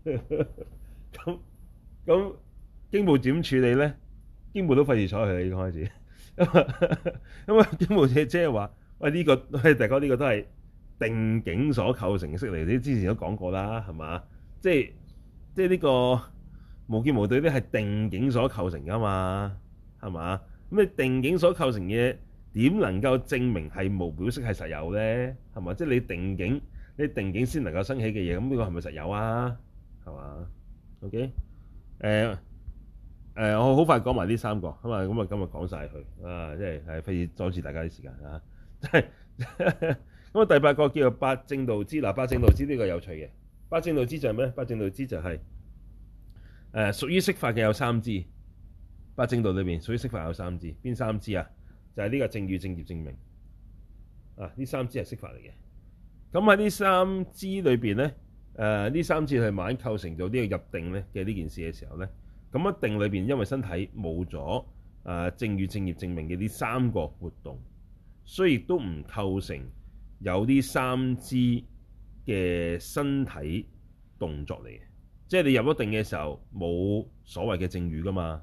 咁 <laughs> 咁經部點處理咧？經部都費事睬佢啦，你講開始，因為,因為經部即係話，喂、哎、呢、這個喂、哎、大家呢個都係。定境所構成嘅色嚟，你之前都講過啦，係嘛？即係即係、這、呢個無見無對啲係定境所構成㗎嘛，係嘛？咁你定境所構成嘅嘢點能夠證明係無表色係實有咧？係嘛？即係你定境，你定境先能夠生起嘅嘢，咁呢個係咪實有啊？係嘛？OK？誒、呃、誒、呃，我好快講埋呢三個啊，咁啊，今日講晒佢啊，即係係費事阻住大家啲時間啊，真係。真係。咁第八個叫做八正道支。嗱，八正道支呢個有趣嘅八正道支就係咩？八正道支就係誒、就是呃、屬於色法嘅有三支，八正道裏邊屬於色法有三支，邊三支、就是、正正啊？就係呢個正語、正業、正命啊！呢三支係色法嚟嘅。咁喺呢三支裏邊咧，誒、呃、呢三支係咪構成咗呢個入定咧嘅呢件事嘅時候咧？咁一定裏邊，因為身體冇咗誒正語、正，義正業、正命嘅呢三個活動，所以亦都唔構成。有呢三支嘅身體動作嚟嘅，即係你入咗定嘅時候冇所謂嘅正語噶嘛，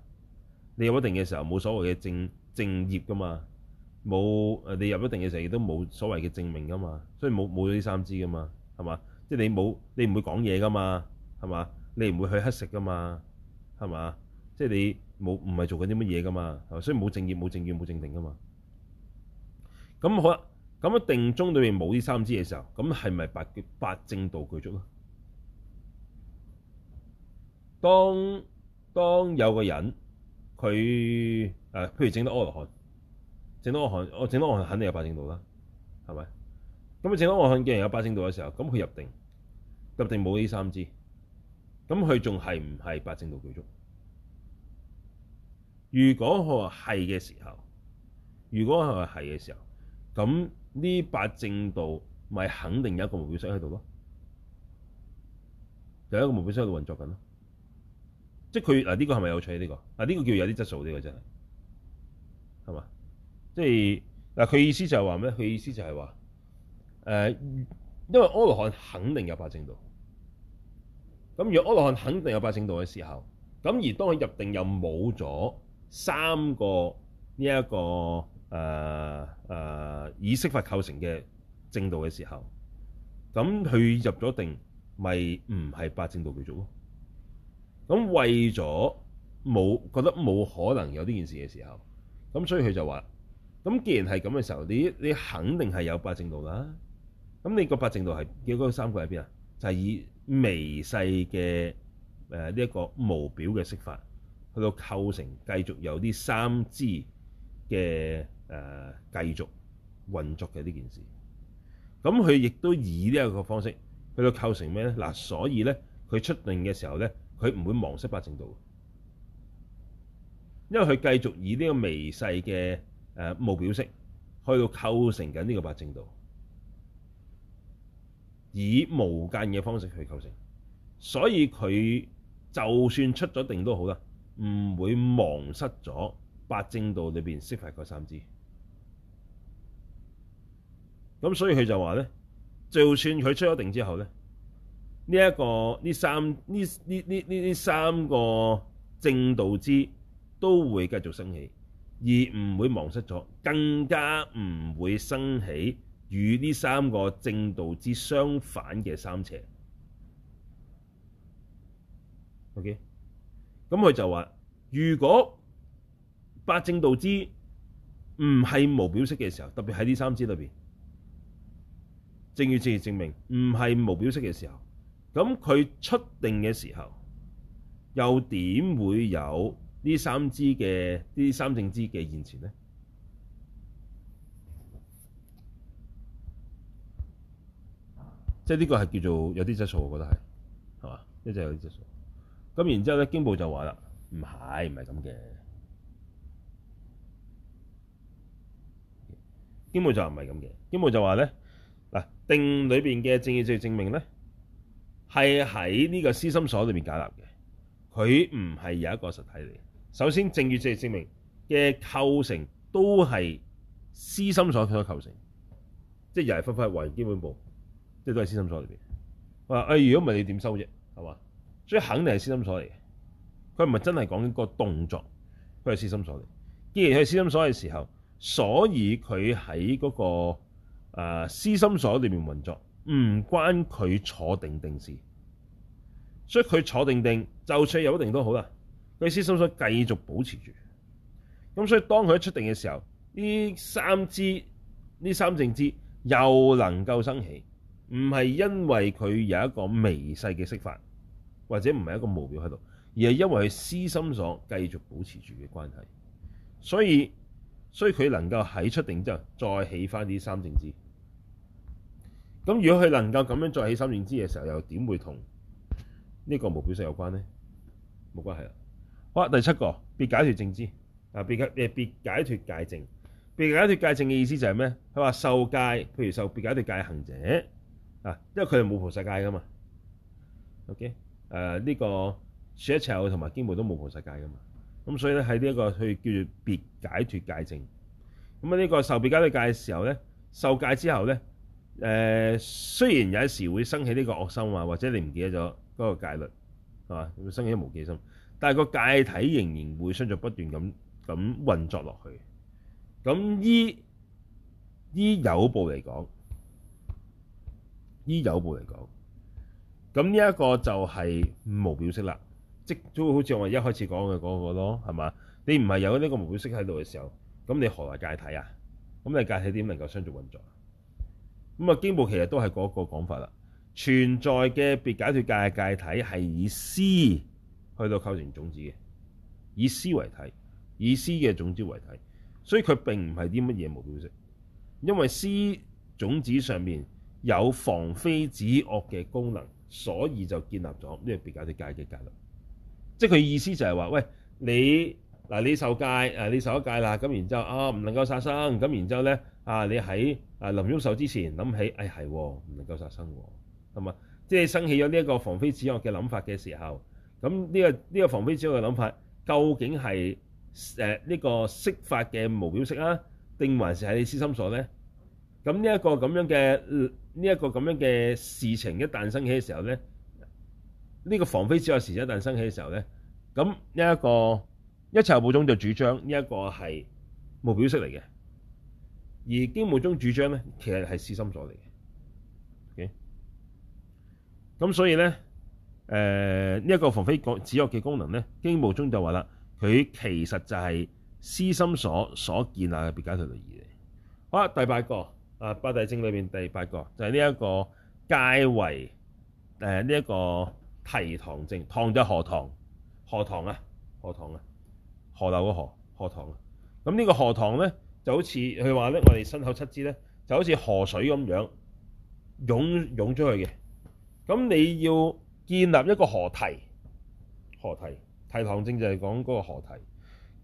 你入咗定嘅時候冇所謂嘅正正業噶嘛，冇誒你入咗定嘅時候亦都冇所謂嘅正命噶嘛，所以冇冇咗呢三支噶嘛，係嘛？即係你冇你唔會講嘢噶嘛，係嘛？你唔會去乞食噶嘛，係嘛？即係你冇唔係做緊啲乜嘢噶嘛，所以冇正業、冇正語、冇正定噶嘛。咁好啦。咁樣定中裏面冇呢三支嘅時候，咁係咪八八正道具足咧？當當有個人佢誒，譬如整到阿羅漢，整到阿羅漢，我整到阿羅漢肯定有八正道啦，係咪？咁啊，整到阿羅漢既然有八正道嘅時候，咁佢入定，入定冇呢三支，咁佢仲係唔係八正道具足？如果佢話係嘅時候，如果佢話係嘅時候，咁。呢八正道咪肯定有一個目標識喺度咯，有一個目標識喺度運作緊咯，即係佢嗱呢個係咪有趣呢？這個？嗱、這、呢個叫有啲質素啲嘅真係，係嘛？即係嗱佢意思就係話咩？佢意思就係話誒，因為阿羅漢肯定有八正道，咁若阿羅漢肯定有八正道嘅時候，咁而當佢入定又冇咗三個呢、這、一個。誒、啊、誒、啊、以色法構成嘅正道嘅時候，咁佢入咗定咪唔係八正道叫做咯？咁為咗冇覺得冇可能有呢件事嘅時候，咁所以佢就話：，咁既然係咁嘅時候，你你肯定係有八正道啦。咁你個八正道係嘅嗰三個喺邊啊？就係、是、以微細嘅誒呢一個無表嘅色法去到構成，繼續有啲三支。嘅誒繼續運作嘅呢件事，咁佢亦都以呢一個方式去到構成咩咧？嗱、啊，所以咧佢出定嘅時候咧，佢唔會忘失八正道，因為佢繼續以呢個微細嘅誒無表色去到構成緊呢個八正道，以無間嘅方式去構成，所以佢就算出咗定都好啦，唔會忘失咗。八正道裏邊識埋嗰三支，咁所以佢就話咧，就算佢出咗定之後咧，呢一個呢三呢呢呢呢呢三個正道支都會繼續升起，而唔會忘失咗，更加唔會升起與呢三個正道支相反嘅三邪。O.K.，咁佢就話如果八正道支唔係無表色嘅時候，特別喺呢三支裏邊，正語正業證明唔係無表色嘅時候，咁佢出定嘅時候，又點會有呢三支嘅呢三正支嘅現前呢？即係呢個係叫做有啲質素，我覺得係，係嘛？一直有啲質素。咁然之後咧，經部就話啦，唔係唔係咁嘅。根本，基本就唔係咁嘅，根本就話咧，嗱，定裏邊嘅正語正業證明咧，係喺呢個思心所裏邊解立嘅，佢唔係有一個實體嚟。首先，正語正業證明嘅構成都係思心所所構成，即係又係分分為基本部，即係都係思心所裏邊。話誒，如果唔係你點收啫，係嘛？所以肯定係思心所嚟嘅，佢唔係真係講緊個動作，佢係思心所嚟。既然佢係思心所嘅時候。所以佢喺嗰個、呃、思心所裏面運作，唔關佢坐定定事。所以佢坐定定，就算有定都好啦，佢思心所繼續保持住。咁所以當佢一出定嘅時候，呢三支、呢三正支又能夠生起，唔係因為佢有一個微細嘅釋法，或者唔係一個目標喺度，而係因為佢思心所繼續保持住嘅關係。所以所以佢能夠喺出定之後再起翻啲三正支，咁如果佢能夠咁樣再起三正支嘅時候，又點會同呢個無表色有關呢？冇關係啦。好，第七個，別解脫正支，啊，別解誒，別解脫戒證，別解脫戒證嘅意思就係咩？佢話受戒，譬如受別解脫戒行者，啊，因為佢係冇菩薩戒噶嘛。OK，誒、呃、呢、這個說一切同埋經部都冇菩薩戒噶嘛。咁所以咧喺呢一個去叫做別解脫戒證。咁啊呢個受別解脫戒嘅時候咧，受戒之後咧，誒、呃、雖然有時時會生起呢個惡心啊，或者你唔記得咗嗰個戒律係嘛，會、啊、生起無記心，但係個戒體仍然會相續不斷咁咁運作落去。咁依依有部嚟講，依有部嚟講，咁呢一個就係無表色啦。即都好似我哋一開始講嘅嗰個咯，係嘛？你唔係有呢個無表色喺度嘅時候，咁你何來戒體啊？咁你戒體點能夠相續運作？咁啊，經部其實都係嗰個講法啦。存在嘅別解脫戒嘅戒體係以思去到構成種子嘅，以思為體，以思嘅種子為體，所以佢並唔係啲乜嘢無表色，因為思種子上面有防非止惡嘅功能，所以就建立咗呢個別解脫戒嘅戒律。即係佢意思就係話，喂，你嗱你受戒，你受一戒啦，咁然之後，就、哦、然後啊，唔能夠殺生，咁然之後咧，啊你喺啊臨喐手之前諗起，誒係喎，唔、哦、能夠殺生喎，同即係生起咗呢一個防非止惡嘅諗法嘅時候，咁呢、這個呢、這個、防非止惡嘅諗法，究竟係呢、呃這個色法嘅無表色啊，定還是係你思心所咧？咁呢一個咁樣嘅呢一個咁樣嘅事情一旦生起嘅時候咧？呢、這個防非止惡時一旦生起嘅時候咧，咁呢一個一切有部宗就主張呢一個係無表色嚟嘅，而經部宗主張咧，其實係思心所嚟嘅。咁、okay? 所以咧，誒呢一個防非止惡嘅功能咧，經部宗就話啦，佢其實就係思心所所建立嘅別解脫律儀嚟。好啦，第八個啊，八大證裏面第八個就係呢一個戒為誒呢一個。堤塘證，塘就係河塘，河塘啊，河塘啊，河流個河，河塘啊。咁呢個河塘咧，就好似佢話咧，我哋身口七支咧，就好似河水咁樣湧湧出去嘅。咁你要建立一個河堤，河堤，堤塘證就係講嗰個河堤。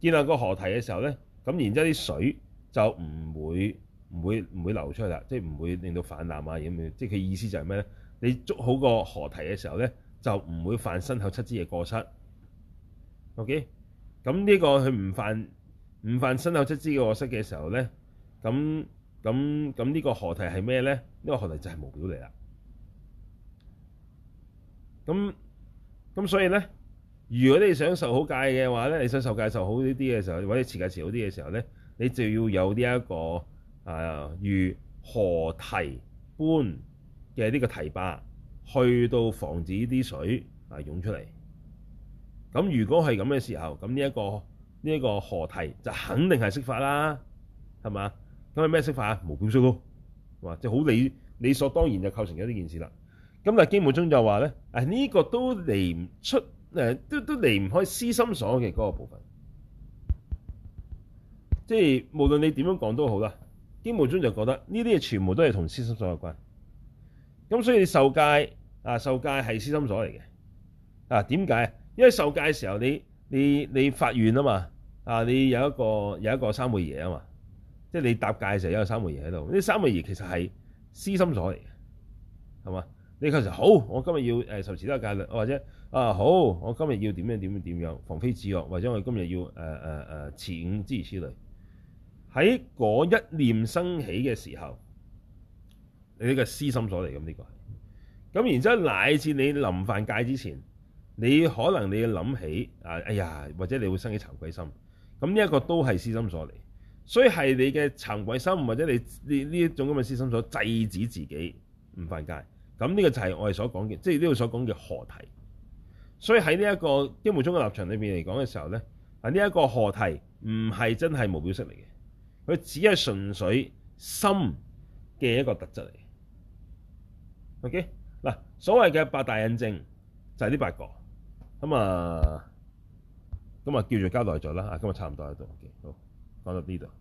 建立個河堤嘅時候咧，咁然之後啲水就唔會唔會唔會流出啦，即係唔會令到氾濫啊，咁樣。即係佢意思就係咩咧？你捉好個河堤嘅時候咧。就唔會犯身口七支嘅過失。OK，咁呢個佢唔犯唔犯身口七支嘅過失嘅時候咧，咁咁咁呢、這個河堤係咩咧？呢個河堤就係無表嚟啦。咁咁所以咧，如果你想受好戒嘅話咧，你想受戒受好啲嘅時候，或者持戒持好啲嘅時候咧，你就要有呢、這、一個啊、呃、如河堤般嘅呢個堤壩。去到防止啲水啊出嚟，咁如果係咁嘅時候，咁呢一個呢一、這個河堤就肯定係釋法啦，係嘛？咁係咩釋法？啊？無標識咯，話即好理理所當然就構成咗呢件事啦。咁但係基慕中就話咧，啊呢、這個都離唔出、啊、都都離唔開私心所嘅嗰個部分。即、就、係、是、無論你點樣講都好啦，基慕中就覺得呢啲嘢全部都係同私心所有關。咁所以你受戒啊，受戒係思心所嚟嘅。啊，點解？因為受戒嘅時候你，你你你發願啊嘛，啊，你有一個有一個三昧耶啊嘛，即係你搭戒嘅時候有一個三昧耶喺度。呢三昧耶其實係思心所嚟嘅，係嘛？你其實好，我今日要誒受持都戒律，或者啊好，我今日要點樣點樣點樣防非止惡，或者我今日要誒誒誒諸如此類。喺嗰一念生起嘅時候。呢個思心所嚟咁，呢個，咁然之後乃至你臨犯戒之前，你可能你要諗起啊，哎呀，或者你會生起慚愧心，咁呢一個都係思心所嚟，所以係你嘅慚愧心或者你你呢一種咁嘅思心所制止自己唔犯戒，咁、這、呢個就係我哋所講嘅，即係呢度所講嘅河堤。所以喺呢一個經部中嘅立場裏面嚟講嘅時候咧，啊呢一個河堤唔係真係無表色嚟嘅，佢只係純粹心嘅一個特質嚟。O.K. 所謂嘅八大印證就係、是、呢八個，咁啊，咁啊叫住交代咗啦，啊，今日差唔多喺度，O.K. 好，講到呢度。